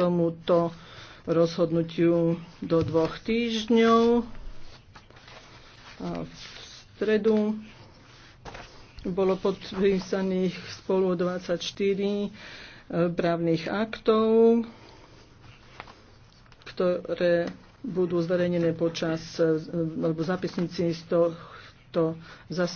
tomuto rozhodnutiu do dvoch týždňov. A v stredu bolo podpísaných spolu 24 e, právnych aktov, ktoré budú zverejnené počas, e, alebo zapisníci z tohto zasa